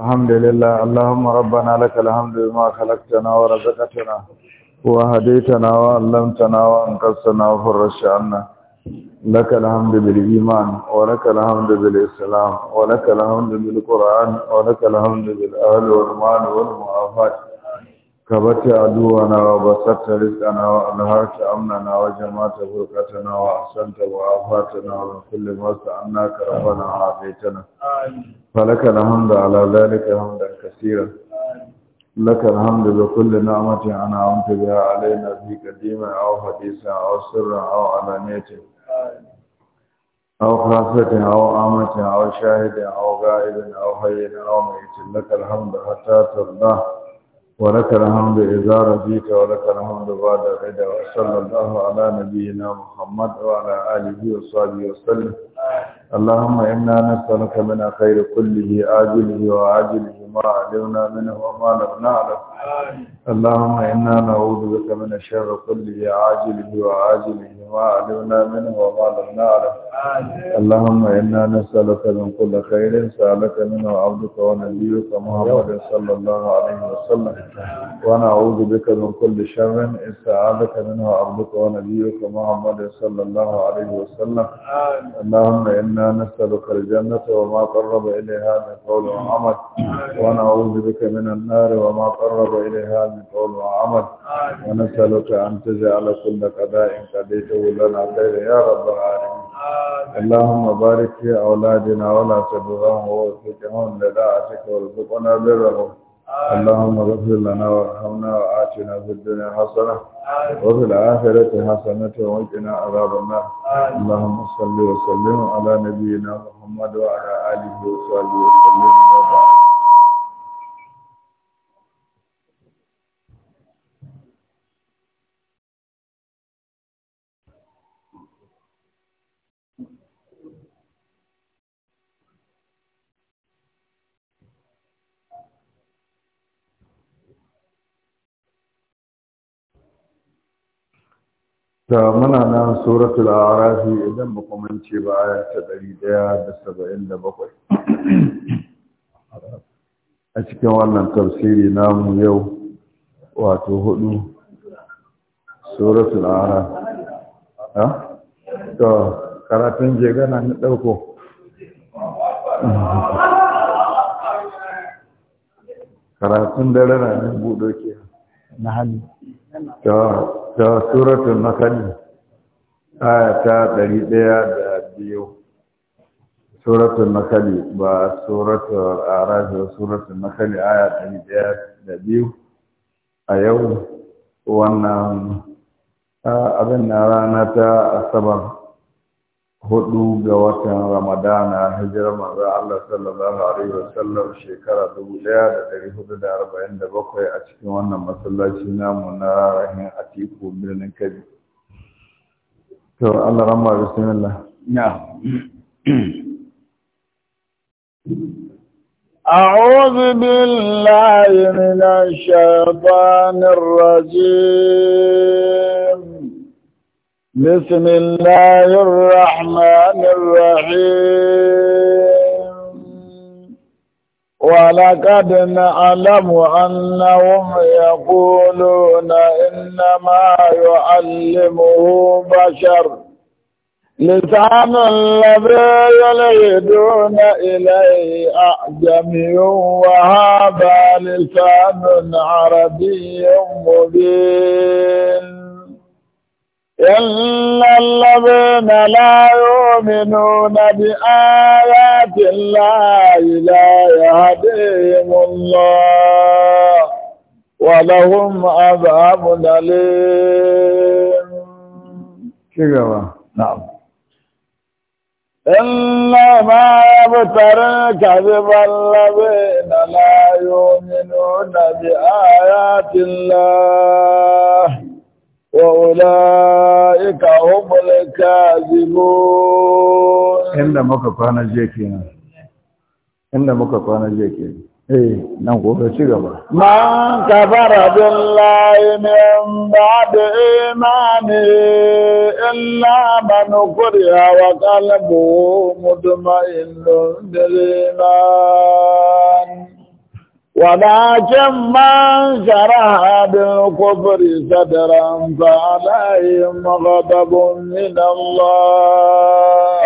الحمد لله اللهم ربنا لك الحمد بما خلقتنا ورزقتنا وهديتنا وعلمتنا وانقذتنا وفرجت عنا لك الحمد بالإيمان ولك الحمد بالإسلام ولك الحمد بالقرآن ولك الحمد بالأهل والمال والمعافاة ka bata addu'a na wa basatta rizqa na wa alharta amna na wa jama'ata furqata na wa asanta wa afata na wa kulli ma sa'anna ka rabbana a'taytana amin falaka alhamdu ala zalika hamdan katira amin laka alhamdu bi kulli ni'mati an'amta biha alayna fi qadima aw hadisa aw sirra aw alaniyatin aw khafatin aw amatin a shahidin aw a aw hayyin aw mayyitin laka alhamdu hatta tardah amin ولك الحمد إذا رضيت ولك الحمد بعد الرضا وصلى الله على نبينا محمد وعلى آله وصحبه وسلم اللهم إنا نسألك من خير كله آجله وعاجله علمنا منه وما لم نعلم اللهم إنا نعوذ بك من الشر كله عاجله وعاجله ما علمنا منه وما لم نعلم اللهم إنا نسألك من كل خير سألك منه عبدك ونبيك محمد صلى الله عليه وسلم ونعوذ بك من كل شر استعاذك منه عبدك ونبيك محمد صلى الله عليه وسلم اللهم إنا نسألك الجنة وما قرب إليها من قول وعمل ونعوذ بك من النار وما قرب إليها من قول وعمل ونسألك أن تجعل كل قضاء قضيته لنا خير يا رب العالمين اللهم بارك في أولادنا ولا تدرهم ووفقهم لداعتك وارزقنا برهم اللهم اغفر لنا وارحمنا وآتنا في الدنيا حسنة وفي الآخرة حسنة وقنا عذاب النار اللهم صل وسلم على نبينا محمد وعلى آله وصحبه وسلم وبارك ta muna nan suratul arafi idan ba kuma ce ba ya ta 177 a cikin wannan tafsiri namu yau wato hudu suratul arafi ha to karatun jegana na dauko karatun dare na budo ke na hannu to to suratul makani aya ta biyu. suratul makani ba suratul araf ba suratul makani aya biyu. a yau wannan abin na rana ta asabar hudu ga watan ramadana hijirar maza Allah sallallahu alaihi wasallam shekara 1447 a cikin wannan masallaci namu na rahin atiku birnin kabi to Allah rahma bismillah na أعوذ بالله من الشيطان الرجيم بسم الله الرحمن الرحيم ولقد نعلم أنهم يقولون إنما يعلمه بشر لسان الذي يلدون إليه أعجمي وهذا لسان عربي مبين إلا الذين لا يؤمنون بآيات الله لا يهديهم الله ولهم عذاب أليم شكرا نعم إلا ما يبتر كذب الذين لا يؤمنون بآيات الله وأولئك ka zimu inda muka kwana jiya nan inda muka kwana jiya kenan eh nan gobe ci gaba man kafara billahi ba da imani illa man kuriha wa qalbuhu mutma'innun bil iman ولكن من جرح بالكفر صدرا فعليهم غضب من الله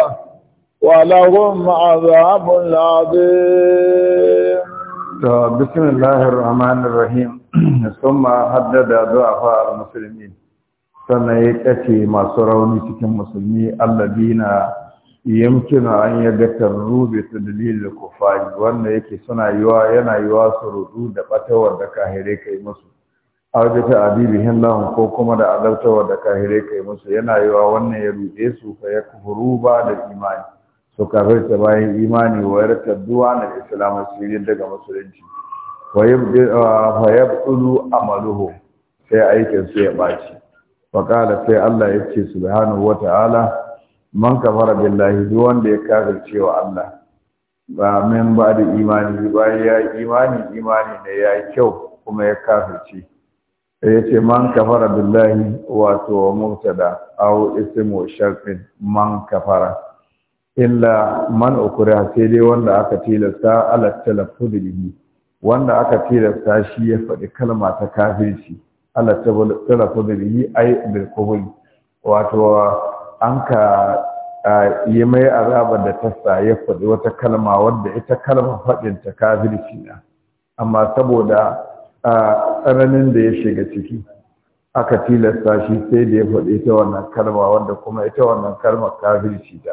ولهم عذاب عظيم بسم الله الرحمن الرحيم ثم حدد ضعفاء المسلمين sannan ya kace masu rauni cikin musulmi allabina yamkina an yaga tarru ta tadlil kufari wanda yake suna yiwa yana yiwa su rudu da batawar da kahire kai musu a adibihim lahum ko kuma da azabtawar da kahire kai musu yana yiwa wannan ya rude su fa yakfuru ba da imani su ta bayan imani wa duwa na islam sirrin daga musulunci wa yabdu amaluhu sai aikinsu ya baci Baƙala sai Allah yace subhanahu wata'ala man kafara billahi duk wanda ya kafirce wa Allah ba min ba da imani bayan ya imani imani ne ya yi kyau kuma ya kafirce ya ce man kafara billahi wato mubtada aw ismu sharfin man kafara illa man ukura sai dai wanda aka tilasta ala da bihi wanda aka tilasta shi ya faɗi kalma ta kafirci ala talaffuz bihi ay bil wato an ka yi mai azabar da tassa ya faɗi wata kalma wadda ita kalma faɗin ta kafirci na amma saboda tsananin da ya shiga ciki aka tilasta shi sai da ya faɗi ita wannan kalma wadda kuma ita wannan kalmar kafirci ta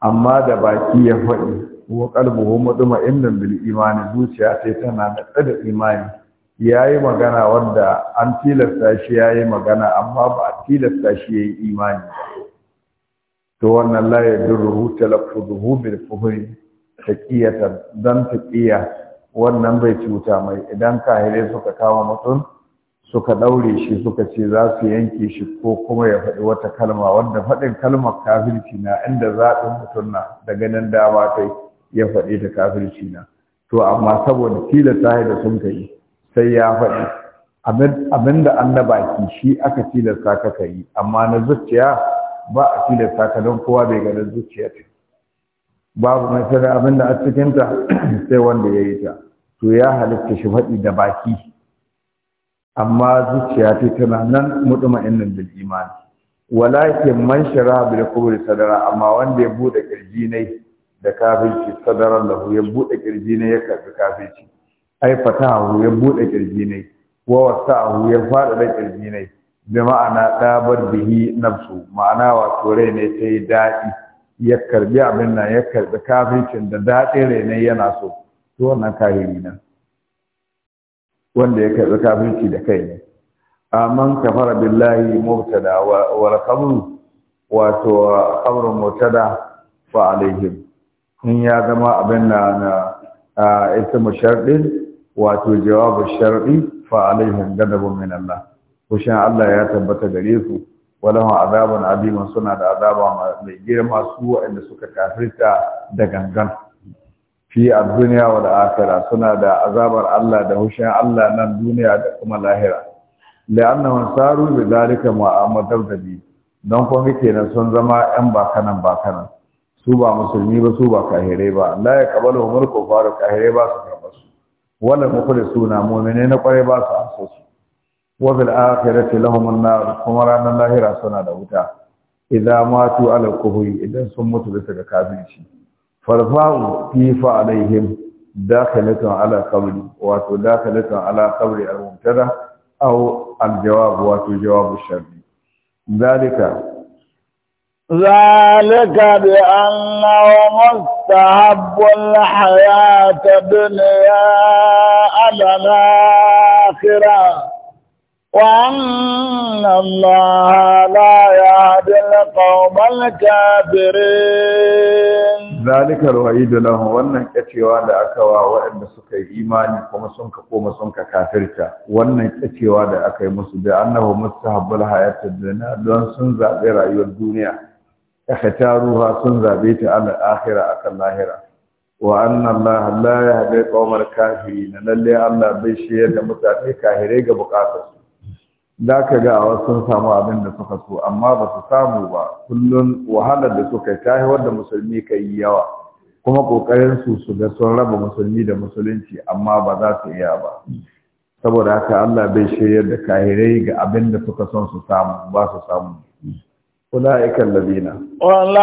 amma da baki ya faɗi wa qalbuhu innan bil imani zuciya sai tana da imani ya yi magana wanda an tilasta shi ya yi magana amma ba a tilasta shi ya yi imani ba to wannan la ya durruhu talaffuzuhu bil fuhri taqiyatan dan taqiya wannan bai cuta mai idan kahire suka kama mutum suka ɗaure shi suka ce za su yanke shi ko kuma ya faɗi wata kalma wanda faɗin kalmar kafirci na inda zaɓin mutum na da ganin dama kai ya faɗi ta kafirci na to amma saboda tilasta da sun kai sai ya faɗi abin da an na baki shi aka tilasta ka ka yi amma na zuciya ba a tilasta ka don kowa bai na zuciya ta babu mai sanar abin da a cikinta sai wanda ya yi ta to ya halitta shi faɗi da baki amma zuciya ta tana nan mutuma'innin bil imani walakin man shara bil kubri sadara amma wanda ya bude kirji ne da kafirci sadaran da ya bude kirji ne ya karbi kafirci Aifata a ya buɗe ƙirji ne wa wasahu ya faɗaɗa da ne bi ma'ana ɗabar bihi nafsu ma'ana wato rai ne ta yi daɗi ya karbi abin nan ya karbi kafircin da daɗin rai ne yana so to wannan kahiri nan wanda ya karbi kafirci da kai ne amman kafara billahi mubtada wa qabru wato qabru mubtada fa alaihim in ya zama abin na na ah, ismu sharɗin wato jawabu shar'i fa alaihim ghadabun min Allah kushin Allah ya tabbata gare su walahu azabun adima suna da azaba mai girma su waɗanda suka kafirta da gangan fi a duniya wa da suna da azabar Allah da hushin Allah nan duniya da kuma lahira la'annahum saru bi zalika mu'amadar da bi don kuma kenan sun zama yan bakanan bakanan su ba musulmi ba su ba kahire ba la ya kabalu umar kufar kahire ba su wala suna, mu'mine na kware ba su amsa su wa bil akhirati lahum an-nar kuma ranar lahira suna da wuta idza matu ala kuhi idan sun mutu bisa ga kafirci farfa'u fi fa alaihim dakhalatun ala qabri wato dakhalatun ala qabri al-mubtada aw al-jawab wato jawabu sharri dalika ذلك بأنه مستحب الحياة الدنيا على الآخرة وأن الله لا يهدي القوم الكافرين ذلك الوعيد لهم wannan kacewa da aka wa waɗanda suka yi imani kuma sun koma sun ka kafirta wannan kacewa da aka yi musu da annahu mustahabbul hayatid dunya don sun zaɓi rayuwar duniya ruha sun zabe ta al akhira akan lahira wa anna allaha la yahdi qawmal kafirin lalle allah bai shiyar da mutane kahirai ga bukatar su da ka ga wasu sun samu abin da suka so amma ba su samu ba kullun wahalar da suka tahi wanda musulmi kai yawa kuma kokarin su su ga sun raba musulmi da musulunci amma ba za su iya ba saboda haka Allah bai shirya da kahirai ga abin da suka son su samu ba su samu أولئك الذين أولئك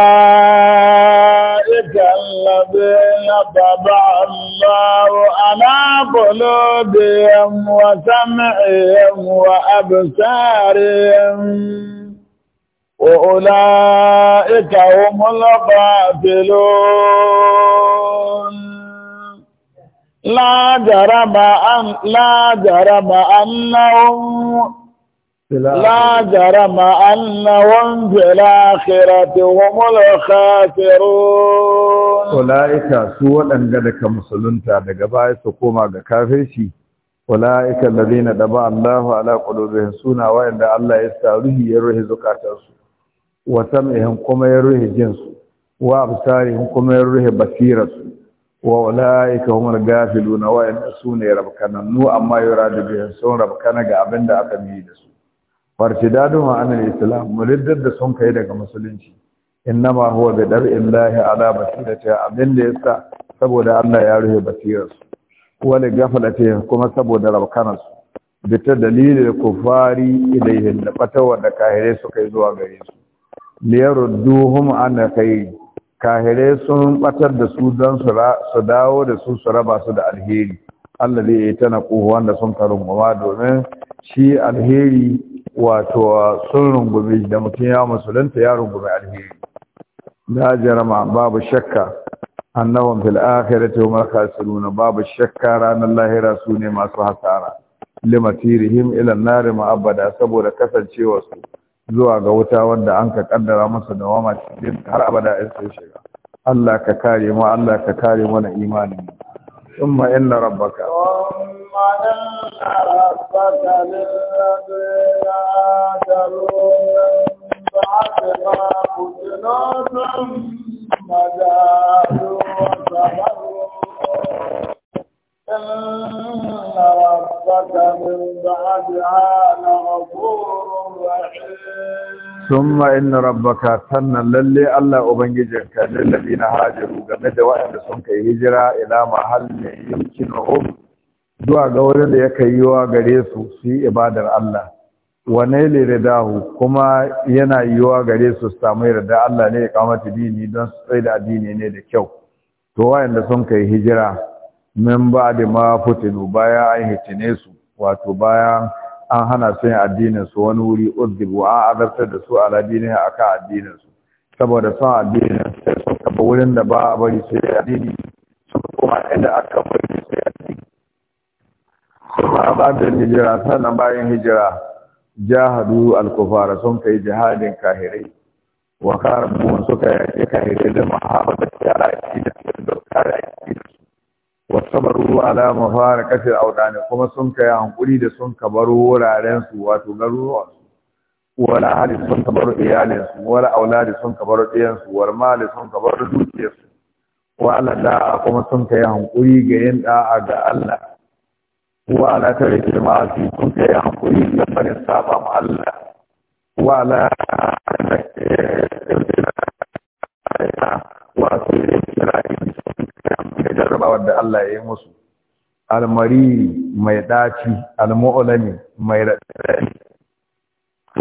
الذين طبع الله على قلوبهم وسمعهم وأبصارهم وأولئك هم الغافلون لا جرم أن لا جرم أنهم لا جرم أنهم في الآخرة هم الخاسرون أولئك سوى أن قدك تعدك دقبائي سقوما كافرشي أولئك الذين دبع الله على قلوبهم سونا وإن الله يستعره يره زكاترسو وسمعهم قم يره جنس وأبصارهم قم يره بصيرسو وأولئك هم الغافلون وإن سونا ربكنا نو أما يراد بهم سونا ربكنا قابلنا أكمل سو fartidadu ma islam muriddar da sun kai daga musulunci innama huwa bi dar'in lahi ala basirati abin da yasa saboda Allah ya rufe basirarsu wani gafalati kuma saboda rabkanarsu bi ta dalilin kufari ilayhin da fatawa da kahire su kai zuwa gare su liyaru duhum an kai kahire sun batar da su dan su dawo da su su raba su da alheri Allah zai yi tana kuhu wanda sun goma domin shi alheri wato sun rungume da mutum ya musulunta ya rungume alheri Da jarama babu shakka annahum fil akhirati hum khasirun babu shakka ranar lahira su ne masu hasara limatirihim ila nari ma'abada saboda kasancewa su zuwa ga wuta wanda an ka kaddara masa da wama cikin har abada in sai shiga Allah ka kare mu Allah ka kare mana imanin mu ثم إن ربك ثم إن ربك للذين آتلوا من بعد ما ثم جاءوا وصبروا إن ربك من بعدها لغفور رحيم summa inna rabbaka sannan lalle Allah ubangijinka lillabi na hajaru game da waɗanda sun kai hijira ila mahallin yumkinuhum zuwa ga wurin da yake yiwa gare su su yi ibadar Allah wa naili ridahu kuma yana yiwa gare su su samu yarda Allah ne ya kamata dini don su tsaye da addini ne da kyau to waanda sun kai hijira min ba da ma fitinu bayan an hitine su wato bayan an hana su yin addinin su wani wuri uzdibu an azartar da su ala a kan addinin su saboda son addinin sai sun kafa wurin da ba a bari su yi addini su kuma inda aka bari su yi addini ba da hijira sannan bayan hijira jahadu al-kufara sun kai jihadin kahirai wa karabu suka yake kahirai da mahabba da yara da da kare da wasabaru ala mafarakatil ne kuma sun kai hankuri da sun kabar wuraren su wato garuruwan wala hali sun kabar iyalin su wala auladi sun kabar ɗiyan su mali sun kabar dukiyar su wa ala da'a kuma sun kai hankuri ga yin da'a ga Allah wa ala tarikil su sun kai hankuri ga farin saba ma Allah wa ala wato yin kira'i da jarraba wadda Allah ya yi musu almari mai ɗaci almu'ulami mai raɗaɗi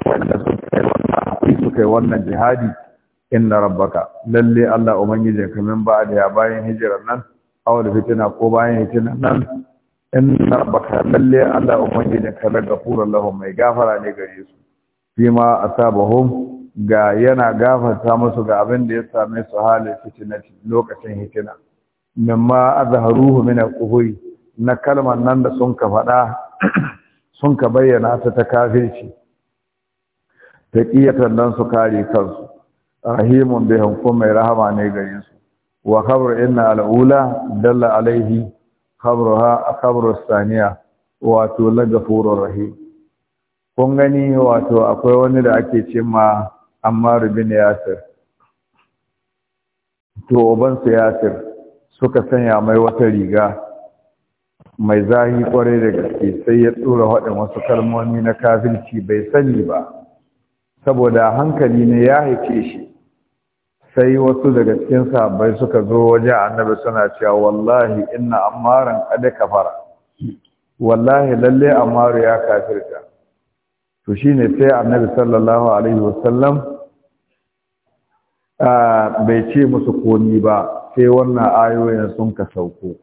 wanda suka yi wannan jihadi inna rabbaka lalle Allah ubangijin ka min ba da ya bayan hijirar nan awal fitina ko bayan hijirar nan inna rabbaka lalle Allah ubangijin ka daga furar lahum mai gafara ne gare su fima asabahum ga yana gafarta musu ga abin da ya same su halin fitinati lokacin hitina mimma azharuhu min al-kufri na kalmar nan da sun ka faɗa sun ka bayyana ta ta kafirci taqiyatan dan su kare kansu rahimun bihim kuma mai rahama ne gare su wa khabru inna al-ula dalla khabruha khabru as-thaniya wato la ghafurur rahim kun gani wato akwai wani da ake ce ma Ammar bin Yasir to ubansa Yasir suka sanya mai wata riga mai zahi kwarai da gaske sai ya tsura waɗin wasu kalmomi na kafirci bai sani ba saboda hankali ne ya haife shi sai wasu daga cikin sahabbai suka zo wajen annabi suna cewa wallahi inna ammaran kada kafara wallahi lalle amaru ya kafirta to shine sai annabi sallallahu alaihi wasallam bai ce musu komi ba sai wannan ayoyin sun ka sauko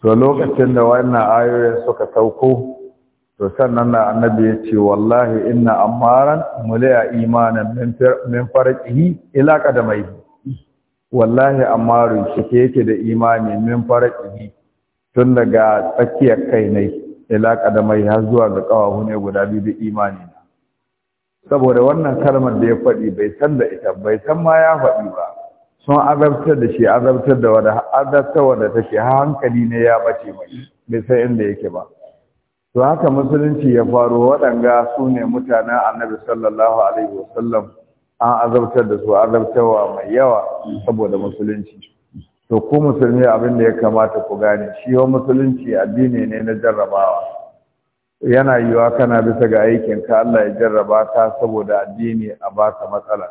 to lokacin da wannan ayoyin suka sauko to sannan na annabi ya ce wallahi inna amaran mulaya imanin min farqihi ila qadamaihi wallahi shi shike yake da imani min farqihi tun daga tsakiyar kai ne ila qadamaihi har zuwa ga kawahu ne guda biyu da imani saboda wannan kalmar da ya faɗi bai san da ita bai san ma ya faɗi ba sun azabtar da shi azabtar da wada azabtar wada take hankali ne ya bace mai bai san inda yake ba to haka musulunci ya faro waɗanga su ne mutanen annabi sallallahu alaihi wasallam an azabtar da su azabtarwa mai yawa saboda musulunci to ku musulmi abin da ya kamata ku gane shi wa musulunci addini ne na jarrabawa yana yiwuwa kana bisa ga aikinka Allah ya jarraba ka saboda addini a baka matsala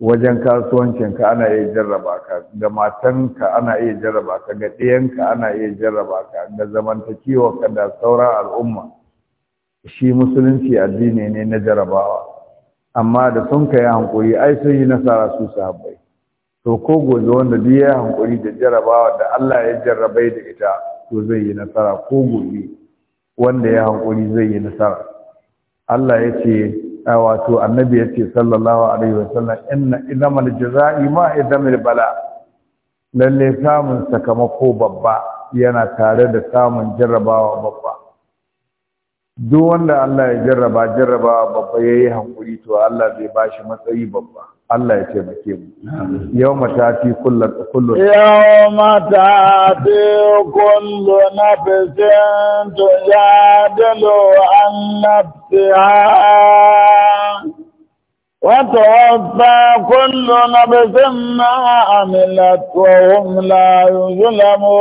wajen kasuwancinka ana iya jarraba ka ga matanka ana iya jarraba ka ga ɗayanka ana iya jarraba ka ga zamantakewarka da sauran al'umma shi musulunci addini ne na jarrabawa amma da sun yi hankuri ai sun yi nasara su sahabbai to ko gobe wanda duk ya hankuri da jarrabawa da Allah ya jarrabai da ita to zai yi nasara ko gobe wanda ya hankuri zai yi nasara Allah ya ce wato annabi ya ce sallallahu alaihi sallam inna idamal jazai ma idamil bala lalle samun sakamako babba yana tare da samun jarrabawa babba duk wanda Allah ya jarraba jarrabawa babba yayi hankuri to Allah zai bashi matsayi babba Allah ya taimake mu yau mata fi kullun kullun yau mata fi kullum na kullu ya dalo an nafsiha Wata tawaffa kullu nafsin ma amilat wa hum layu zulamu.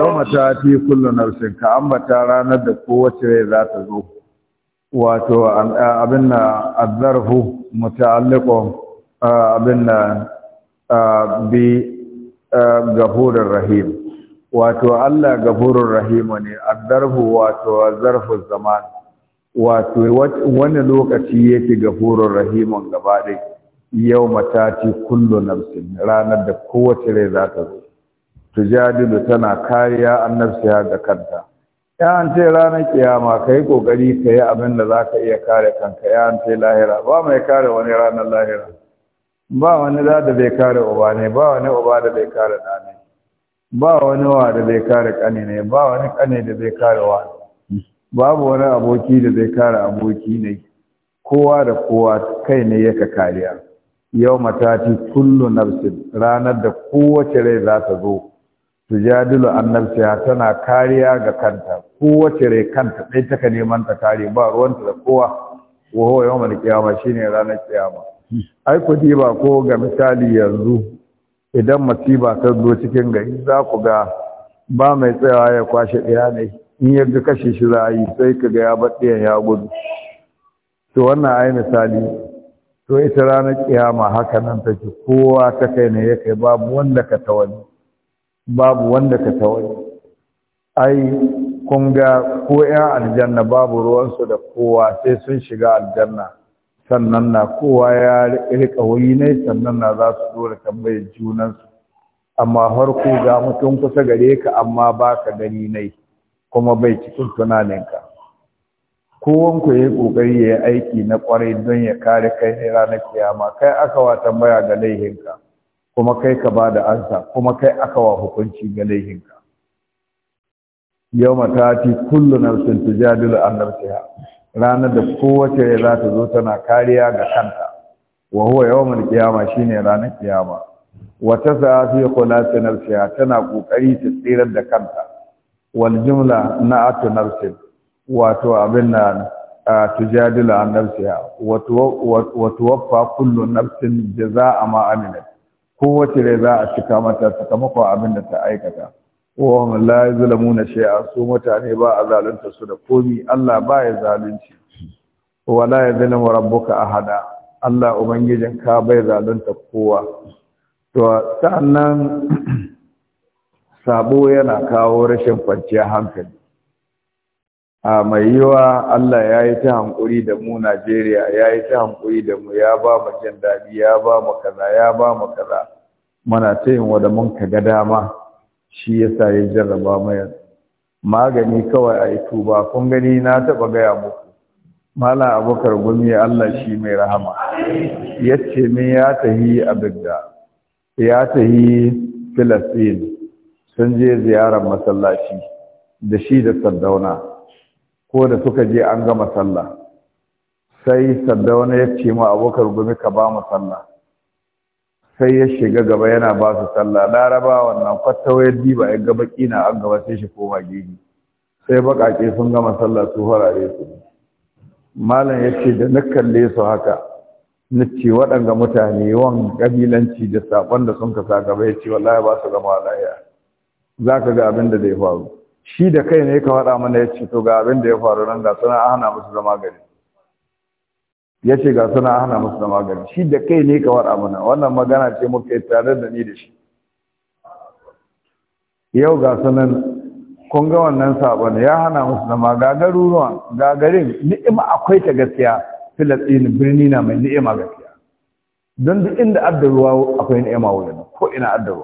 yau mata fi kullum kullu nafsin an ambata ranar da kowace rai za ta zo wato abin na azzarfu muta'alliqun abin na bi gafurur rahim wato Allah gafurur rahim ne azzarfu wato zarfu zaman wato wani lokaci yake gafurur rahimun gaba ɗaya yau matati kullu nafsin ranar da kowace rai za ta zo tujadilu tana kariya annabsiya da kanta ya ce ranar kiyama ka yi ƙoƙari ka yi abin da za ka iya kare kanka ya ce lahira ba mai kare wani ranar lahira ba wani da da bai kare uba ne ba wani uba da bai kare na ne ba wani wa da bai kare ƙane ne ba wani ƙane da bai kare wa babu wani aboki da bai kare aboki ne kowa da kowa kai ne yaka kariya yau matati kullu nafsin ranar da kowace rai za ta zo tujadilu annabciya tana kariya ga kanta kowace rai kanta ɗai taka neman ta kare ba ruwanta da kowa wa huwa kiyama shi shine ranar kiyama ai ku ba ko ga misali yanzu idan masiba ta zo cikin gari za ku ga ba mai tsayawa ya kwashe ɗaya ne in ya ga kashe shi za a yi sai ka ga ya baɗiyan ya gudu to wannan ai misali to ita ranar kiyama haka nan take kowa ta kai ne ya kai babu wanda ka ta wani babu wanda ka tawai ai kun ga ko ƴan aljanna babu ruwansu da kowa sai sun shiga aljanna sannan na kowa ya rika wuri ne sannan na za su dora tambayar junansu amma farko ga mutum kusa gare ka amma ba ka gani ne kuma bai cikin tunaninka kowanku ya yi ƙoƙari ya yi aiki na ƙwarai don ya kare kai ranar kiyama kai aka wa tambaya ga laihinka kuma kai ka ba da ansa kuma kai aka wa hukunci ga laihinka yau matati kullu nafsin tujadilu an nafsiha ranar da kowace za ta zo tana kariya ga kanta wa huwa yawmul qiyama shine ranar kiyama wa tas'a fi ta nafsiha tana kokari ta tsirar da kanta wal jumla na'atu nafsin wato abin nan tujadilu an nafsiha wa tuwaffa kullu nafsin jaza'a ma kowace rai za a cika mata sakamakon abin da ta aikata wa la yuzlamuna shay'a su mutane ba a zalunta su da komi Allah ba ya zalunci wa la yuzlamu rabbuka ahada Allah ubangijin ka bai zalunta kowa to sa'annan sabo yana kawo rashin kwanciyar hankali a mai yiwa Allah ya yi ta hankuri da mu Najeriya ya yi ta hankuri da mu ya ba mu jin daɗi ya ba mu kaza ya ba mu kaza Muna ta yin mun ka ga dama shi yasa ya jarraba mu yanzu magani kawai a yi tuba kun gani na taɓa gaya muku Mala abokar gumi Allah shi mai rahama yace ce min ya tahi abinda ya tahi filastin sun je ziyarar masallaci da shi da sardauna ko da suka je an gama sallah sai saddauna ya ce ma abokar gumi ka ba mu sallah sai ya shiga gaba yana ba su sallah laraba wannan kwattawa ya diba ya gaba kina an gaba sai shi koma gini sai bakake sun gama sallah su farare su malam ya ce da na kalle su haka na ce waɗanga mutane yawan ƙabilanci da saƙon da sun kasa gaba ya ce wallahi ba su gama lahiya za ka ga abin da zai faru shi da kai ne ka faɗa mana ya ce to ga abin da ya faru nan ga suna hana musu zama gari ya ce ga suna hana musu zama gari shi da kai ne ka faɗa mana wannan magana ce muka yi tare da ni da shi yau ga sunan kun ga wannan sabon ya hana musu zama ga garuruwan ga garin ni'ima akwai ta gaskiya filistin birni na mai ni'ima gaskiya don duk inda adda ruwa akwai ni'ima wurin ko ina adda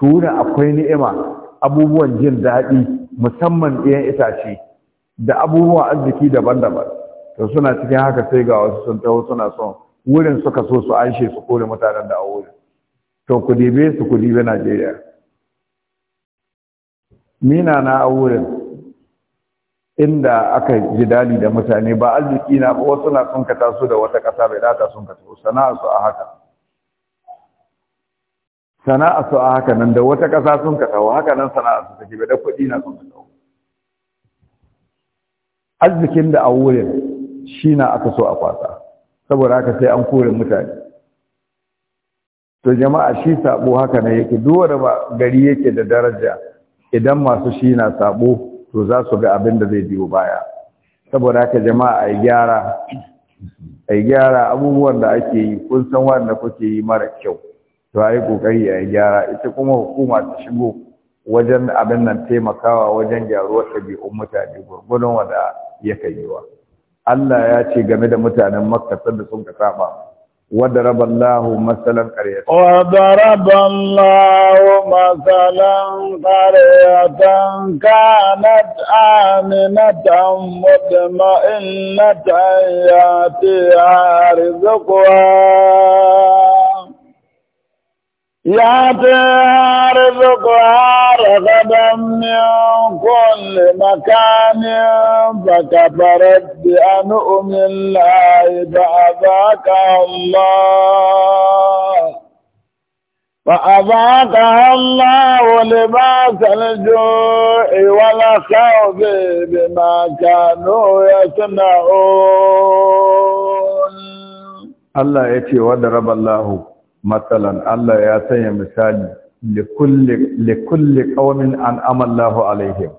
ruwa akwai ni'ima abubuwan jin daɗi musamman ɗiyan itace da abubuwan arziki daban-daban to suna cikin haka sai ga wasu sun taho suna son wurin suka so su anshe su kore mutanen da a wurin to ku dibe su ku dibe Najeriya mina na a wurin inda aka ji jidali da mutane ba arziki na ba wasu na sun ka taso da wata ƙasa bai data sun ka taso sana'a su a haka sana'a su a haka nan da wata ƙasa sun ka tawo haka nan sana'a su take da kuɗi na sun ka tawo arzikin da a wurin shi na aka so a kwasa saboda haka sai an kore mutane to jama'a shi sabo haka nan yake duwa ba gari yake da daraja idan masu shi na sabo to za su ga abin da zai biyo baya saboda haka jama'a a gyara a gyara abubuwan da ake yi kun san wanda kuke yi mara kyau to ayi kokari ƙoƙari gyara ita kuma hukuma ta shigo wajen abin nan taimakawa wajen gyaruwar ɗabi'un mutane gurgudun wanda ya kai yiwa Allah ya ce game da mutanen Makka sanda sun ka saba وضرب الله مثلا قرية وضرب الله مثلا قرية كانت آمنة مطمئنة يأتيها رزقها يا ترزقها رغدا من كل مكان فكفرت بأنعم الله فاذاك الله فاذاك الله لباس الجوع والخوف بما كانوا يصنعون الله يتي وضرب الله matsalan Allah ya sanya misali likulli ƙaunin an amallahu alaihim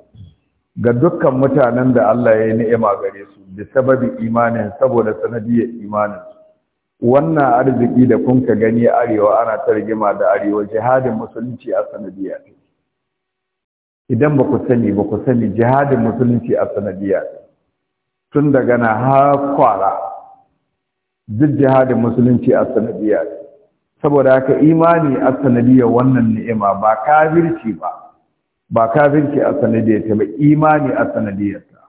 ga dukkan mutanen da Allah ya yi ni'ima gare su da sababin imanin saboda sanadiyar imanin wannan arziki da kun ka gani arewa ana ta rigima da arewa jihadin musulunci a sanadiyar idan ba ku sani ba ku sani jihadin musulunci a sanadiyar tun daga na har duk jihadin musulunci a sanadiyar saboda haka imani a sanadiyar wannan ni'ima ba kafirci ba ba kafirci a sanadiyar ta ba imani a sanadiyar ta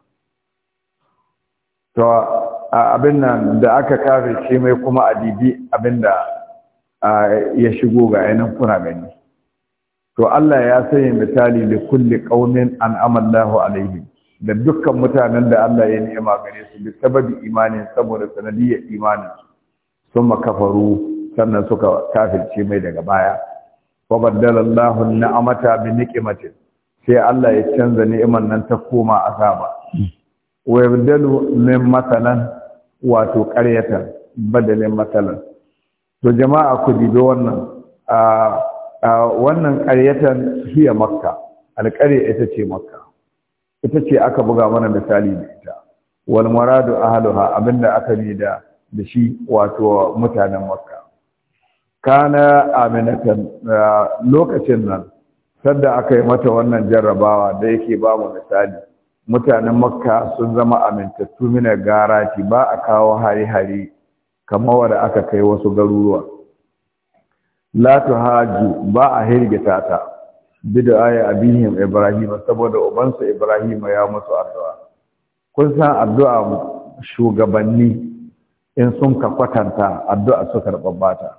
to abin nan da aka kafirce mai kuma adibi abin da ya shigo ga yanan kuna gani to Allah ya sanya misali da kulle qaumin An Amallahu alaihi da dukkan mutanen da Allah ya ni'ima gare su bi sababi imanin saboda sanadiyar imanin sun makafaru sannan suka kafirci mai daga baya wa baddalallahu ni'amata bi niqmatin sai Allah ya canza ni'imar nan ta koma azaba wa yabdalu min masalan wato qaryatan badalin masalan to jama'a ku dibe wannan a wannan qaryatan hiya makka alqarya ita ce makka ita ce aka buga mana misali da ita wal muradu ahluha abinda aka yi da shi wato mutanen makka kana aminatan lokacin nan sadda aka yi mata wannan jarrabawa da yake ba mu misali mutanen makka sun zama amintattu mina garati ba a kawo hari-hari kamar wanda aka kai wasu garuruwa la tuhaju ba a hirgita ta bida aya abihim ibrahim saboda ubansa ibrahim ya musu addu'a kun san addu'a shugabanni in sun ka kwatanta addu'a su karɓar bata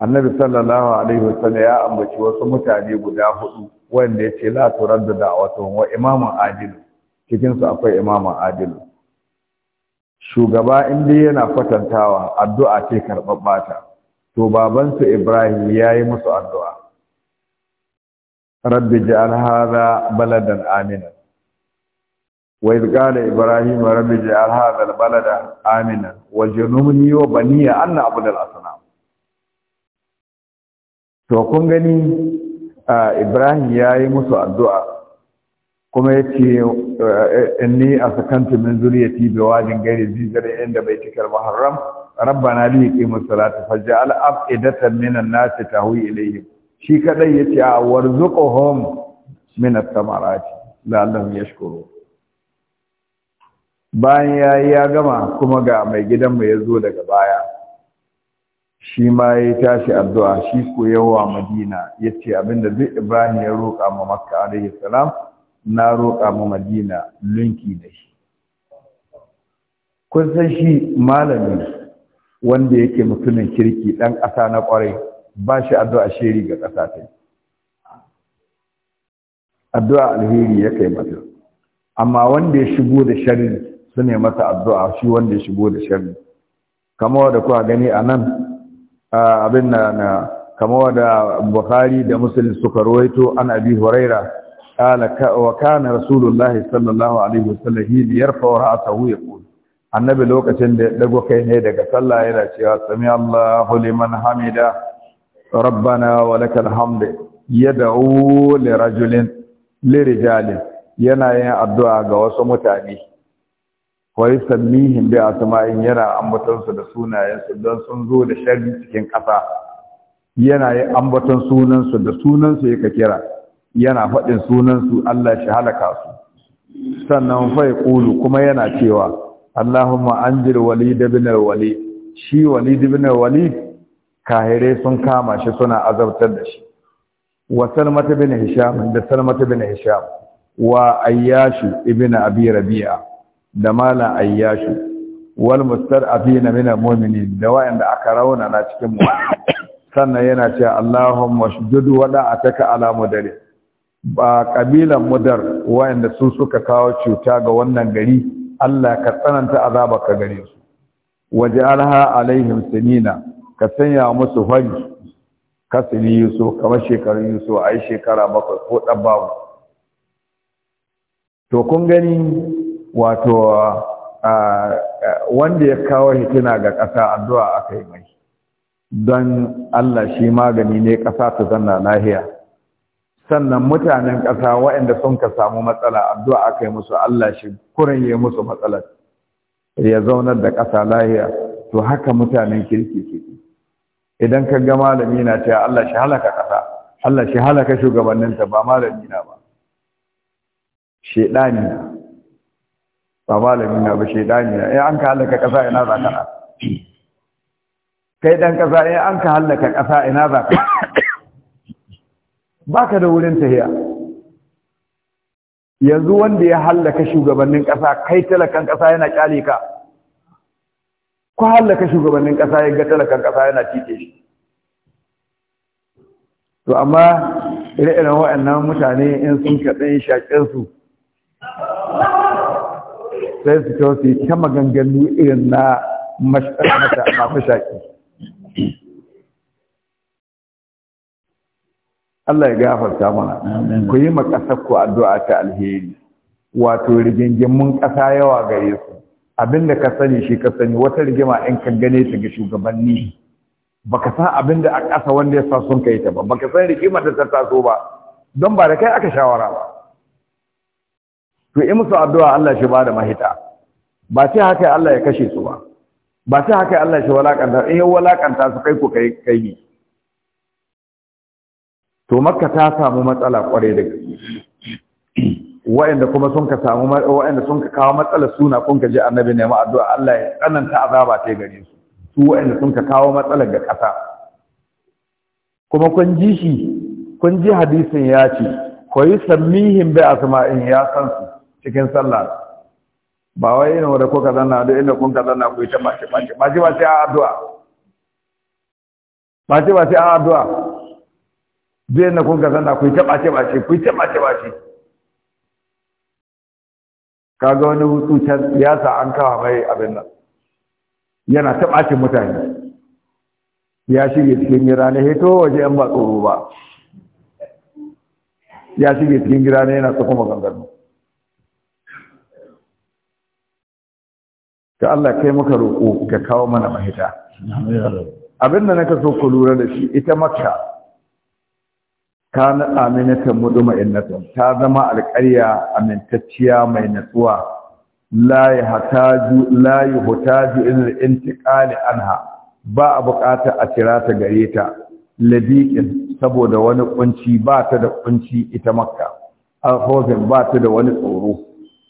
annabi sallallahu alaihi sallam ya ambaci wasu mutane guda hudu wanda ya ce la turadda da'watuhum wa imamun adil cikin su akwai imamun adil shugaba in dai yana fatantawa addu'a ce karɓar bata to su Ibrahim ya yi musu addu'a rabbi ja'al hadha baladan aminan wa idh qala ibrahim rabbi ja'al hadha balada aminan wa junubni wa baniya an na'budu al-asnam to kun gani ibrahim ya yi musu addu'a kuma ya ce eh, ni a sakanta min zuriyati bi wadin gari inda bai cikar muharram rabbana li yuqimu salata faj'al af'idatan minan nasi tahwi ilayhim shi kadai yace a warzuqhum min at-tamarati la'allahum yashkurun bayan ya ya gama kuma ga mai gidan mu zo daga baya shi ma ya tashi addu'a shi ko yawa madina ya ce abinda zai ibrahim ya roƙa ma makka alaihi salam na roƙa ma madina lunki da shi kun san shi malami wanda yake mutumin kirki ɗan ƙasa na ƙwarai ba shi addu'a shiri ga ƙasa ta addu'a alheri ya kai mata amma wanda ya shigo da sharri su ne masa addu'a shi wanda ya shigo da sharri kamar da kuwa gani a nan abin na kama da Bukhari da Muslim suka ruwaito an Abi Huraira qala wa kana rasulullahi sallallahu alaihi wasallam hi yarfa ra'sahu yaqul annabi lokacin da ya dago kai ne daga sallah yana cewa sami allah liman hamida rabbana wa lakal hamd yad'u li rajulin li rijalin yana yin addu'a ga wasu mutane wa yusammihim bi asma'in yana ambaton su da sunayen su don sun zo da sharri cikin kasa yana yi ambaton sunan su da sunan su yake kira yana faɗin sunansu su Allah shi halaka su sannan fai ƙulu kuma yana cewa Allahumma anjir walid ibn walid shi walid ibn al-walid sun kama shi suna azabtar da shi wa salmata bin hisham da salmata bin hisham wa ayyashu ibn abi rabi'a da malam ayyashu wal mustarafina min al-mu'minin da wa'anda aka rauna na cikin mu sannan yana cewa Allahumma shudud ataka ala mudari ba kabilan mudar da su suka kawo cuta ga wannan gari Allah ka tsananta azabaka gare su waj'alha alaihim sinina ka sanya musu fari kasiri yusu kamar shekarun yusu ai shekara bakwai ko dan to kun gani wato wanda ya kawo hitina ga ƙasa addu'a aka yi mai don Allah shi magani ne ƙasa ta zanna lahiya sannan mutanen ƙasa waɗanda sun ka samu matsala addu'a aka yi musu Allah shi kurin yi musu matsalar ya zaunar da ƙasa lahiya to haka mutanen kirki ke idan ka ga malami na cewa Allah shi halaka ƙasa Allah shi halaka shugabanninta ba malami na ba shedani ba malami na ba shaidani na ya an ka halaka ƙasa ina za ka na kai dan ƙasa ya an ka halaka ƙasa ina za ka ba ka da wurin tahiya yanzu wanda ya halaka shugabannin ƙasa kai talakan ƙasa yana kyale ka ko halaka shugabannin ƙasa ya ga talakan ƙasa yana cike shi to amma ire-iren waɗannan mutane in sun kaɗe shaƙinsu sai su kawo su yi ta maganganu irin na mashaki Allah ya gafarta mana ku yi ma addu'a ta alheri wato rigingimin ƙasa yawa gare su abinda ka sani shi ka sani wata rigima in ka gane ta ga shugabanni baka san abinda a ƙasa wanda ya sa sun yi ta ba baka san rigimar da ta taso ba don ba da kai aka shawara ba to yi musu addu'a Allah shi ba da mahita ba ce haka Allah ya kashe su ba ba ce haka Allah shi walakanta in ya walakanta su kai ko kai kai ne to makka ta samu matsala kware da gaske wa'anda kuma sun ka samu wa'anda sun ka kawo matsala suna kun ka ji annabi ne ma addu'a Allah ya tsananta azaba ta gare su su wa'anda sun ka kawo matsala ga ƙasa kuma kun ji shi kun ji hadisin ya ce ko yi sammihim bi asma'in ya san su cikin sallah ba wai irin wanda kaza na duk inda kun kaza na ku yi ta mace mace mace ba sai a addu'a mace ba sai a addu'a duk inda kun kaza na ku yi ta mace mace ku yi ta mace mace kaga wani hutu can ya sa an kawo mai abin nan yana ta ɓacin mutane ya shige cikin gira ne heto waje yan ba tsoro ba ya shige cikin gira ne yana tsoko maganganu ka Allah kai muka roƙo ka kawo mana mahita abin da naka so ku lura da shi ita makka kana aminatan mudma'innatan ta zama alƙarya amintacciya mai natsuwa la yahtaju la yahtaju ila intiqali anha ba a buƙata a tira ta gare ta ladiqin saboda wani kunci ba ta da kunci ita makka alhozin ba ta da wani tsoro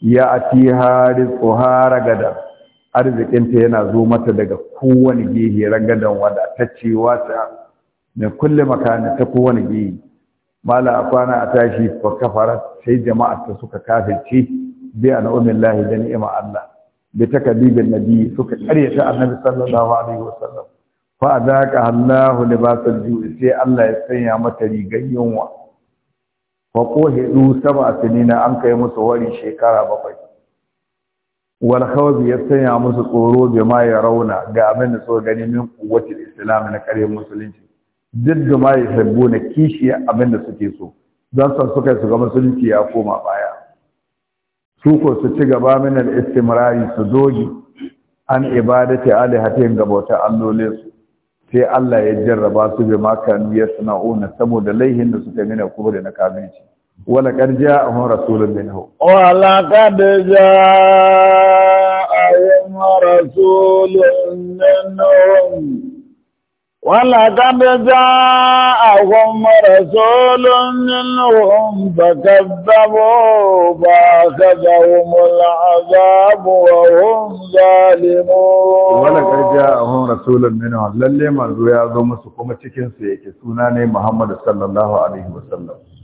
ya atiha rizqaha ragada arzikinta yana zo mata daga kowane gehe rangadan wada ta da kulle makana ta kowane gehe mala a a tashi fa kafara sai jama'a ta suka kafirce bi an umillahi da ni'ima Allah bi takdibin nabi suka karyata annabi sallallahu alaihi wasallam fa adaka Allahu libasal ju'i sai Allah ya sanya mata rigar yunwa fa qohidu sab'a sinina an kai musu wari shekara bakwai wal khawfi ya sanya musu tsoro bi ma ya rauna ga amin so gani min kuwati islam na kare musulunci duk da ma ya na kishi abin da suke so don san suka su ga musulunci ya koma baya su ko su ci gaba min al istimrari su dogi an ibadati alihatin ga bauta allolinsu sai Allah ya jarraba su bi ma kanu yasna'una sana'una saboda laihin da suka mina kuma da na kaminci wala ƙarja a hun rasulun min hau. wala ƙarja a hun rasulun min wala ƙarja a hun rasulun min hun ba kadda bo ba kadda hun azabu wa hun zalimu. wala ƙarja a hun rasulun min hau lalle manzo ya zo musu kuma cikinsu yake suna ne muhammadu sallallahu alaihi wasallam. sallam.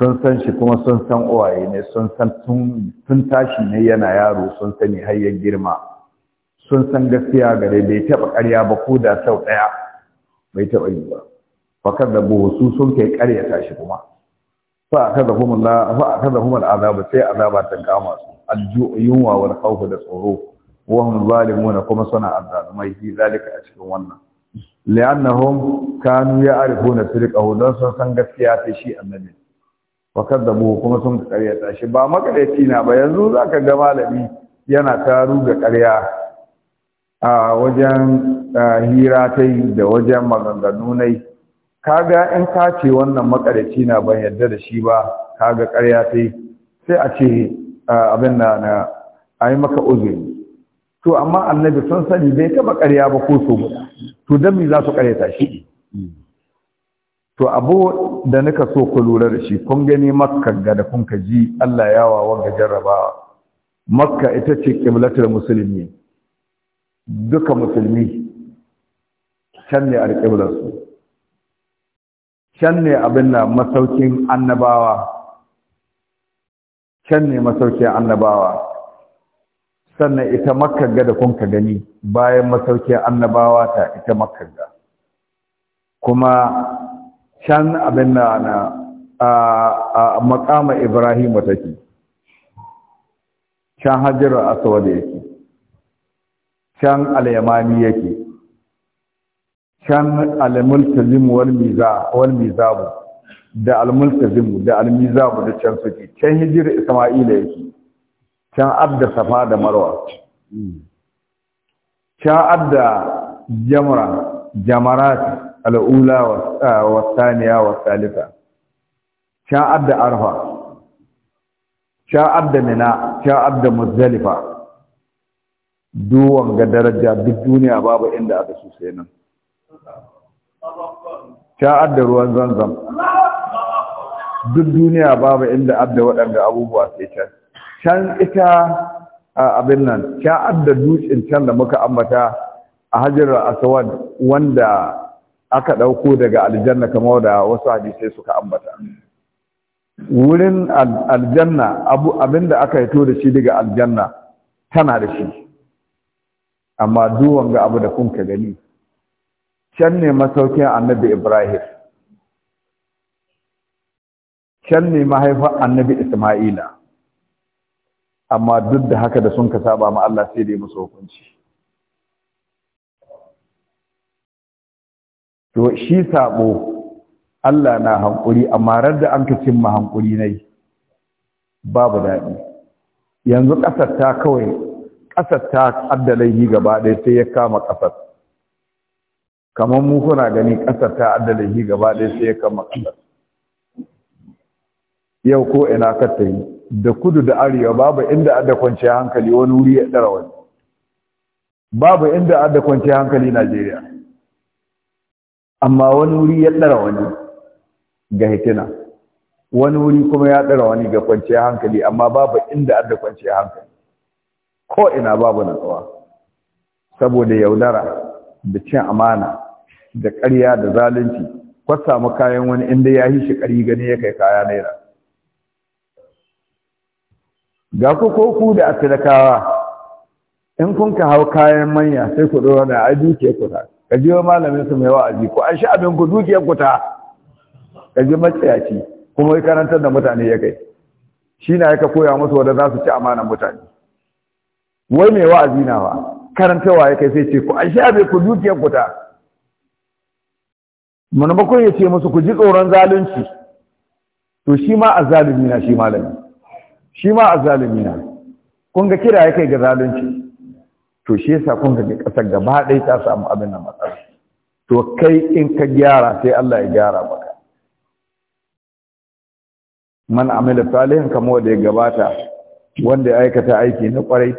sun san shi kuma sun san uwaye ne sun san tun tashi ne yana yaro sun sani har ya girma sun san gaskiya gare bai taɓa ƙarya ba ko da sau ɗaya bai taɓa yi ba fakar da buhusu sun kai ƙarya tashi kuma fa aka da humar azaba sai azaba ta kama su yunwa wal khawfu da tsoro wa hum zalimun kuma suna azzalumai fi zalika a cikin wannan li'annahum kanu ya'rifuna sirqahu dan sun san gaskiya ta shi annabi wa kadzabu kuma sun karyata shi ba makareci na ba yanzu zaka ga malami yana taru da karya a wajen hira ta yi da wajen maganganu nai kaga in ka ce wannan makareci na ban yadda da shi ba kaga karya ta yi sai a ce abin na na a yi maka uzuri to amma annabi sun sani bai taba karya ba ko so guda to dan me za su karyata shi mm. to abu da nika so ku lura da shi kun gani makka ga da kun ji Allah ya wawa ga jarrabawa makka ita ce kiblatul musulmi duka musulmi can ne alƙiblarsu can ne abin da masaukin annabawa can ne masaukin annabawa sannan ita makka ga da kun gani bayan masaukin annabawa ta ita makka ga kuma can abin na na a makama ibrahim take can hajjirar aswad yake can alayyamani yake can al wal mizabu da al da al da can suke can hijira isma'ila yake can Abda safa da marwa hmm. can abda jamara jamarat al'ula wa saniya wa salifa sha’ad da arfa sha’ad da mina sha’ad da Muzalifa duwan ga daraja duk duniya babu inda aka su sai nan sha’ad da ruwan zanzam duk duniya babu inda abda waɗanda abubuwa sai can can ita a abin nan sha’ad da dutsen can da muka ambata a hajjar aswad wanda aka ɗauko daga aljanna kamar da wasu hadisai suka ambata wurin aljanna abinda aka hito da shi daga aljanna tana da shi amma duwan ga abu da kun gani can ne masaukin annabi ibrahim can ne mahaifar annabi isma'ila amma duk da haka da sun ka saba ma Allah sai da dai musu hukunci to shi sabo Allah na hankuri amma rar da an ka cimma hankuri nai babu daɗi yanzu ƙasar ta kawai ƙasar ta addalaihi gaba ɗaya sai ya kama ƙasar kamar mu kuna gani ƙasar ta addalaihi gaba ɗaya sai ya kama ƙasar yau ko ina ka ta yi da kudu da arewa babu inda adda kwanciyar hankali wani wuri ya ɗara wani babu inda adda kwanciyar hankali Najeriya amma wani wuri ya ɗara wani ga hitina wani wuri kuma ya ɗara wani ga kwanciyar hankali amma babu inda adda kwanciyar hankali ko ina babu natsuwa saboda yaudara da cin amana da ƙarya da zalunci kwasa mu kayan wani inda ya yi shi ƙari gani ya kai kaya naira ga ku ko ku da atalakawa in kun ka hau kayan manya sai ku ɗora da a dukiyar ku ka ji wa malamin su mai wa'azi ku an sha abin ku dukiyar ku ta ka ji matsayaci kuma ya karantar da mutane ya kai shi na yaka koya musu wanda za su ci amanan mutane wai mai wa'azi na wa karantawa ya kai sai ce ku an sha abin ku dukiyar ku ta maimakon ya ce musu ku ji tsoron zalunci to shi ma azzalumi na shi malami shi ma azzalumi na kun ga kira ya kai ga zalunci to shi yasa kun ga kasar gaba ɗaya ta samu abin nan matsala to kai in ka gyara sai Allah ya gyara maka man amila salihan kamar wanda ya gabata wanda ya aikata aiki na kwarai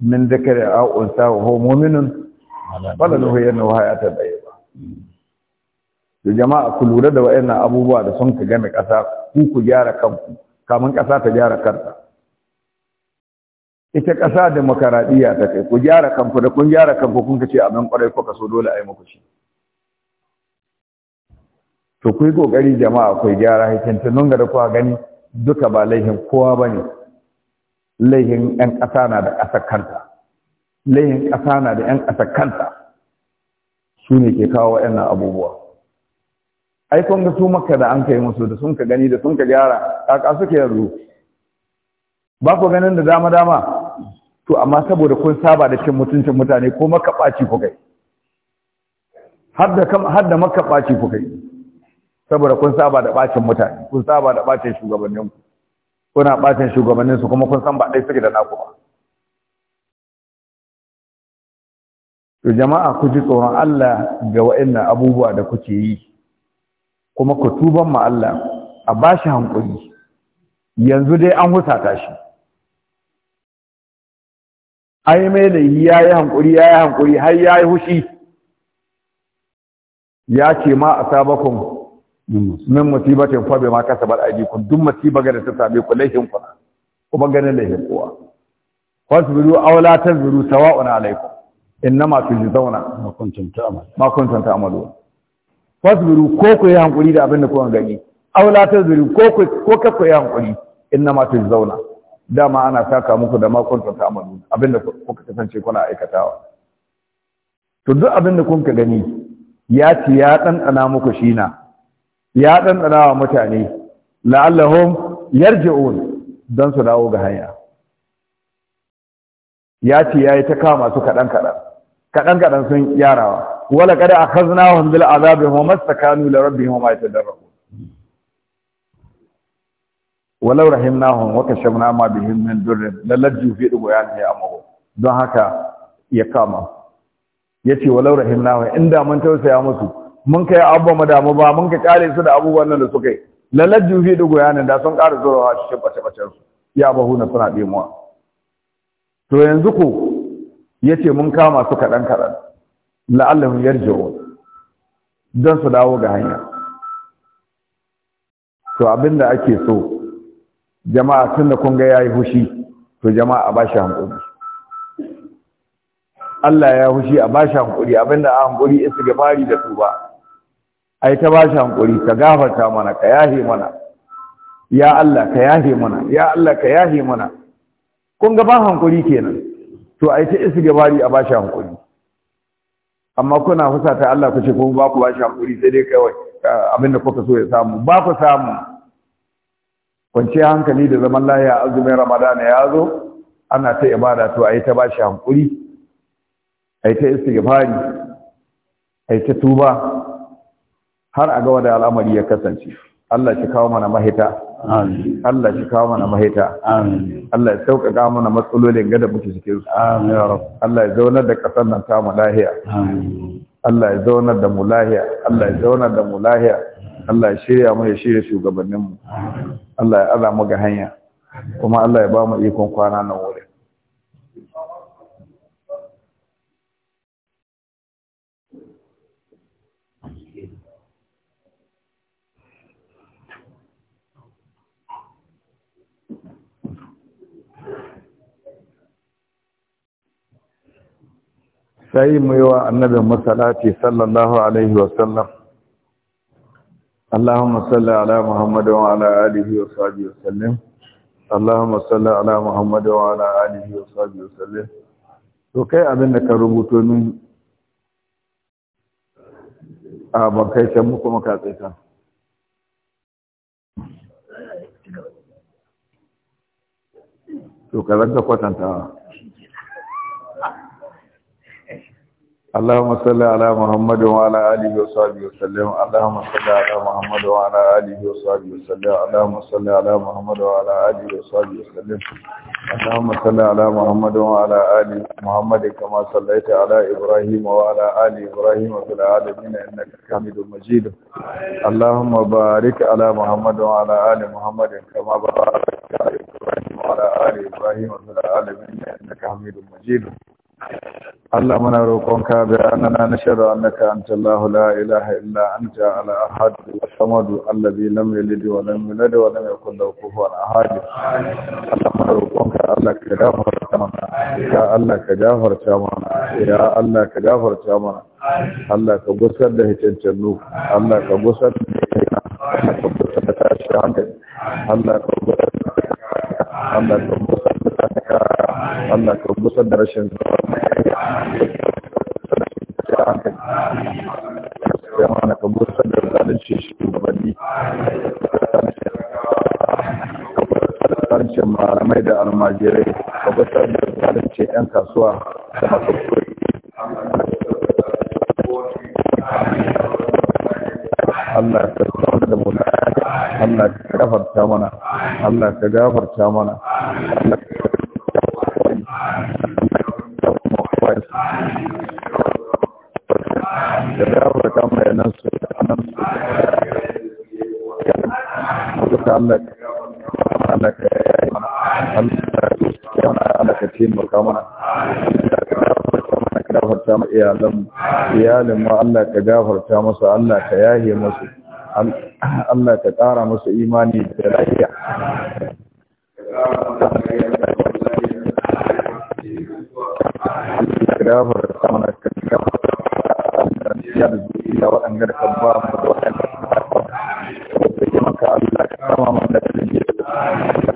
min zakari a unsa wa mu'minun wala lahu ta hayatan ba. to jama'a ku lura da wayannan abubuwa da sun ka gane kasa ku ku gyara kanku kamun kasa ta gyara kanta ita ƙasa demokaradiyya ta kai ku gyara kanku da kun gyara kanku kun ka ce a abin ƙwarai kuka so dole a yi muku shi to ku yi ƙoƙari jama'a ku gyara hikintunan ga da kuwa gani duka ba laihin kowa ba ne laihin 'yan ƙasa na da ƙasa kanta laihin ƙasa na da 'yan ƙasa kanta su ne ke kawo waɗannan abubuwa ai kun ga su maka da an kai musu da sun ka gani da sun ka gyara kaka suke yanzu ba ku ganin da dama dama to amma saboda kun saba da cin mutuncin mutane ko makaɓaci ku kai har da makaɓaci ku kai saboda kun saba da ɓacin mutane kun saba da ɓacin shugabanninku kuna ɓacin shugabanninsu kuma kun san ba ɗai suke da naku ba to jama'a ku ji tsoron Allah ga wa'annan abubuwa da kuke yi kuma ku tuban ma Allah a bashi hankuli, yanzu dai an husata shi Ai mai mai yi ya yi hankuri ya yi hankuri har ya yi hushi ya ce ma a sabakon min musibatin fa bai ma bar ajikun duk musiba ga da ta same ku laihin ku kuma ganin laihin kowa a aw la tasbiru sawa'un alaykum innama masu ma zauna, ta'malu ta amalu Wasu biyu ko ku yi hankuri da abin da kuka gani aw ta tasbiru ko ku ko ka ku yi hankuri yi zauna. dama ana saka muku da makon ta amalu abinda kuka kasance kuna aikatawa to duk abinda kun ka gani ya ci ya ɗanɗana muku shina. ya ɗanɗana wa mutane la'allahum yarji'un don su dawo ga hanya ya ci ya yi ta kama su kaɗan kaɗan kaɗan kaɗan sun yarawa wala kada akhaznahum bil azabi wa mastakanu li rabbihim wa ma yatadarrun walau waka wa kashafna ma bihim min durr lalajju fi dughyan ya amahu don haka ya kama yace walau rahimnahum inda mun tausaya musu mun kai abba madamu ba mun ka kare su da abubuwan nan da suka yi lalajju fi ne da sun ƙara zuwa shi bace bacen su ya bahu na suna demuwa to yanzu ku yace mun kama su kadan kadan la'allahum yarji'un don su dawo ga hanya to abinda ake so jama'a tun da kun ga yi hushi to jama'a a bashi hankuri Allah ya hushi a bashi hankuri abinda a hankuri istighfari da tuba ai ta bashi hankuri ka gafarta mana ka yahe mana ya Allah ka yahe mana ya Allah ka yahe mana kun ga ba hankuri kenan to ai ta isa istighfari a bashi hankuri amma kuna husata Allah ku ce ko ba ku bashi hankuri sai dai kawai abinda kuka so ya samu ba ku samu kwanciya hankali da zaman lahiya azumin ramadana ya zo ana ta ibada to ayi ta bashi hankuri yi ta istighfari yi ta tuba har a ga wanda al'amari ya kasance Allah shi kawo mana mahita amin Allah shi kawo mana mahita amin Allah ya sauƙaƙa mana matsalolin gada muke cikin su amin ya Allah ya zaunar da kasar nan ta mu lahiya amin Allah ya zaunar da mu lahiya Allah ya zaunar da mu lahiya Allah ya shirya mu ya shirya shugabanninmu Allah ya azama ga hanya kuma Allah ya ba mu ikon kwana nan wurin sai mu yi wa annabin masalati sallallahu alaihi wasallam اللهم صل على محمد وعلى آله وصحبه وسلم اللهم صل على محمد وعلى آله وصحبه وسلم to kai abin da ka rubuto min a bankai can muku maka tsaita to ka zaka kwatantawa اللهم صل على محمد وعلى اله وصحبه وسلم اللهم صل على محمد وعلى اله وصحبه وسلم اللهم صل على محمد وعلى اله وصحبه وسلم اللهم صل على محمد وعلى ال محمد كما صليت على ابراهيم وعلى ال ابراهيم في العالمين انك حميد مجيد اللهم بارك على محمد وعلى ال محمد كما باركت على ابراهيم وعلى ال ابراهيم في العالمين انك حميد مجيد Allah muna roƙonka da annana nashara annaka anta Allah la ilaha illa anta ala ahad samad allazi lam yalid wa lam yulad wa lam yakul lahu kufuwan ahad Allah muna roƙonka Allah ka gafarta mana ya Allah ka gafarta mana ya Allah ka gafarta mana Allah ka gusar da hicincinnu Allah ka gusar da hicina Allah ka gusar da tashi hankali Allah ka gusar da Allah ka gusar Allah ka Allah ka gusar da rashin ka gusar da zalunci shugabanni ka gusar da zalunci malamai da almajirai ka gusar da zalunci 'yan kasuwa da masu Allah ka tsawon da mutane Allah ka gafarta mana Allah ka gafarta mana Allah ka iyalan iyalin mu Allah ka gafarta musu Allah ka yahe musu Allah ka ƙara musu imani da lafiya ka gafarta mana ka gafarta ya da zuciya ka ba mu da waɗanda ba Allah ka kama mana da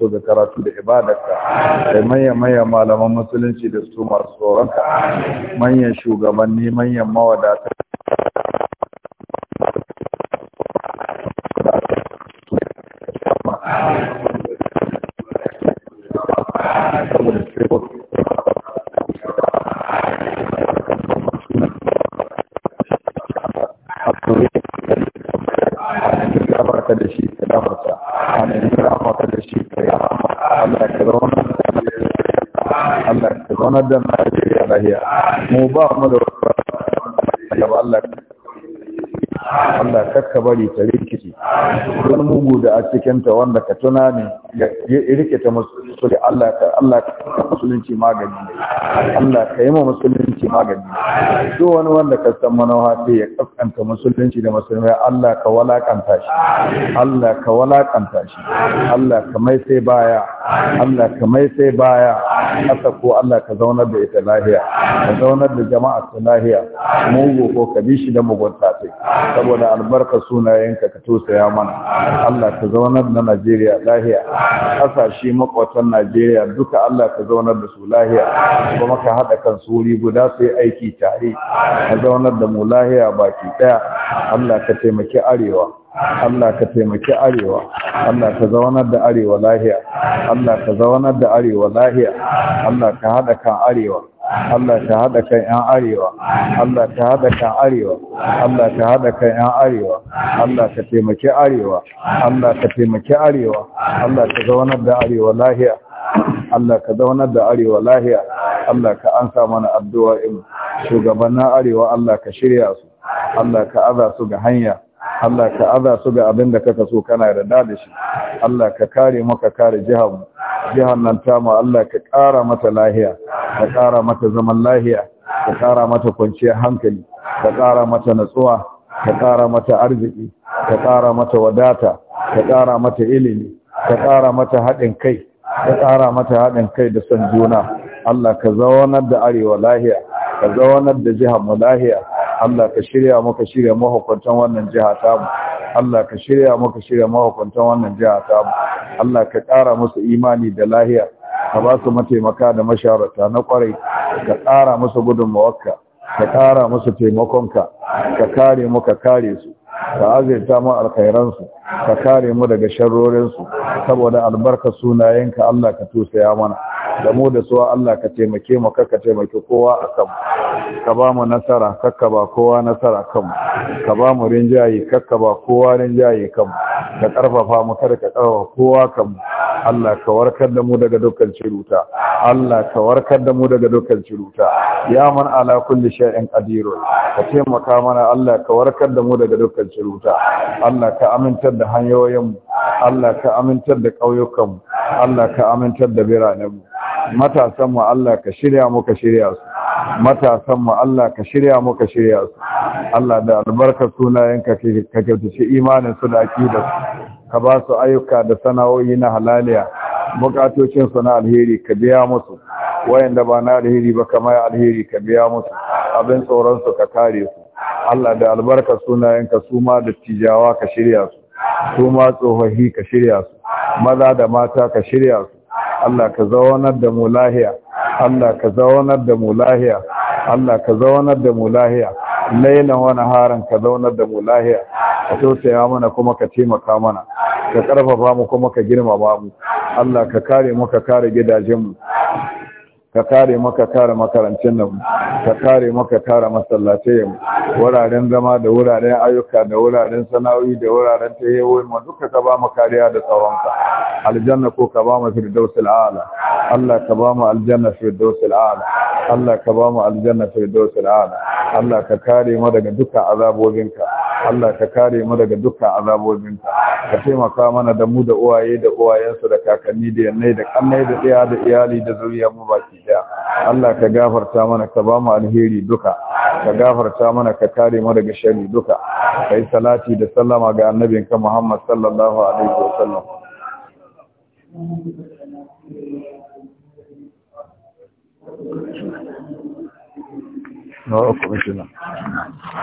su da karatu da ibadarka da manyan manyan malaman musulunci da su masu tsoronka manyan shugabanni manyan mawadata zaunar da Najeriya lahiya mu ba mu da wata Allah Allah kakka bari ta rikici wani mugu da a cikinta wanda ka tuna ne ya rikita musu Allah ka Allah ka musulunci magani Allah ka yi ma musulunci magani duk wani wanda ka san manoha sai ya kaskanta musulunci da musulmai Allah ka walakanta shi Allah ka walakanta shi Allah ka mai sai baya Allah ka mai sai baya asa ko Allah ka zaunar da ita lahiya ka zaunar da jama'a ta lahiya mugu ko ka bi shi da mugunta sai saboda albarka sunayenka ka tosaya mana Allah ka zaunar da Najeriya lahiya kasashe makwatan Najeriya duka Allah ka zaunar zaunar da su lahiya kuma ka haɗa kan suri guda su yi aiki tare ka zaunar da mu lahiya baki ɗaya Allah ka taimaki arewa Allah ka taimaki arewa Allah ka zaunar da arewa lahiya Allah ka zaunar da arewa lahiya Allah ka haɗa kan arewa Allah ka haɗa kan ‘yan arewa, Allah ka haɗa kan arewa, Allah ka haɗa kan ‘yan arewa, Allah ka taimaki arewa, Allah ka taimaki arewa, Allah ka zaunar da arewa lahiya. Allah ka zaunar da arewa lahiya Allah ka ansa mana addu'o'in shugabannin arewa Allah ka shirya su Allah ka aza su ga hanya Allah ka aza su ga abin da kaka so kana yarda da shi Allah ka kare maka kare jihar mu jihar nan ta Allah ka ƙara mata lahiya ka ƙara mata zaman lahiya ka ƙara mata kwanciyar hankali ka ƙara mata natsuwa ka ƙara mata arziki ka ƙara mata wadata ka ƙara mata ilimi ka ƙara mata haɗin kai Ka ƙara mata haɗin kai da son juna Allah ka zaunar da arewa lahiya ka zaunar da jihar mu lahiya Allah ka shirya maka shirya mahukuntan wannan jiha ta mu Allah ka shirya maka shirya mahukuntan wannan jiha ta mu Allah ka ƙara musu imani da lahiya ka ba su mataimaka da masharata na ƙwarai. ka ƙara musu gudunmawarka ka ƙara musu taimakonka ka kare mu ka kare su ka azirta mu alkhairansu ka kare mu daga sharrorinsu saboda albarka sunayenka Allah ka ya mana da mu da suwa Allah ka taimake mu ka taimake kowa a kan ka ba mu nasara kakka ba kowa nasara kanmu ka ba mu rinjaye kakka ba kowa rinjaye kanmu ka karfafa mu kada ka karfafa kowa kanmu Allah ka warkar da mu daga dukkan ciruta Allah ka warkar da mu daga dukkan ciruta ya man ala kulli shay'in qadirun ka taimaka mana Allah ka warkar da mu daga dukkan ciruta Allah ka amintar da hanyoyinmu Allah ka amintar da ƙauyukanmu Allah ka amintar da biranenmu matasanmu Allah ka shirya muka shirya su matasanmu Allah ka shirya muka shirya su Allah da albarka sunayenka ka kyautace imanin su da akidar ka ba su ayyuka da sana'o'i na halaliya buƙatocinsu na alheri ka biya musu wayanda ba na alheri ba kamar alheri ka biya musu abin tsoronsu ka kare su Allah da albarka sunayenka su ma da tijawa ka shirya su su ma tsofaffi ka shirya su maza da mata ka shirya su Allah ka zaunar da mu lahiya Allah ka zaunar da mu lahiya Allah ka zaunar da mu lahiya lailan wa naharan ka zaunar da mu lahiya ka tausaya mana kuma ka taimaka mana ka karfafa mu kuma ka girmama mu Allah ka kare mu ka kare gidajen mu ka kare maka kare makarancin nan ka kare maka kare masallatai wuraren zama da wuraren ayyuka da wuraren sana'o'i da wuraren tahiyoyi ma duka ka ba mu kariya da tsawonka. aljanna ko ka ba mu firdaus al'ala Allah ka ba mu aljanna firdaus al'ala Allah ka ba mu aljanna firdaus a'la Allah ka kare mu daga dukkan azabobinka Allah ka kare mu daga dukkan azabobinka ka taimaka mana da mu da uwaye da uwayensu da kakanni da yannai da kannai da tsaya da iyali da zuriya mu baki Allah ka gafarta mana ka ba mu alheri duka ka gafarta mana ka kare mu daga shari duka kai salati da sallama ga annabin annabinka Muhammad sallallahu alaihi wasallam No,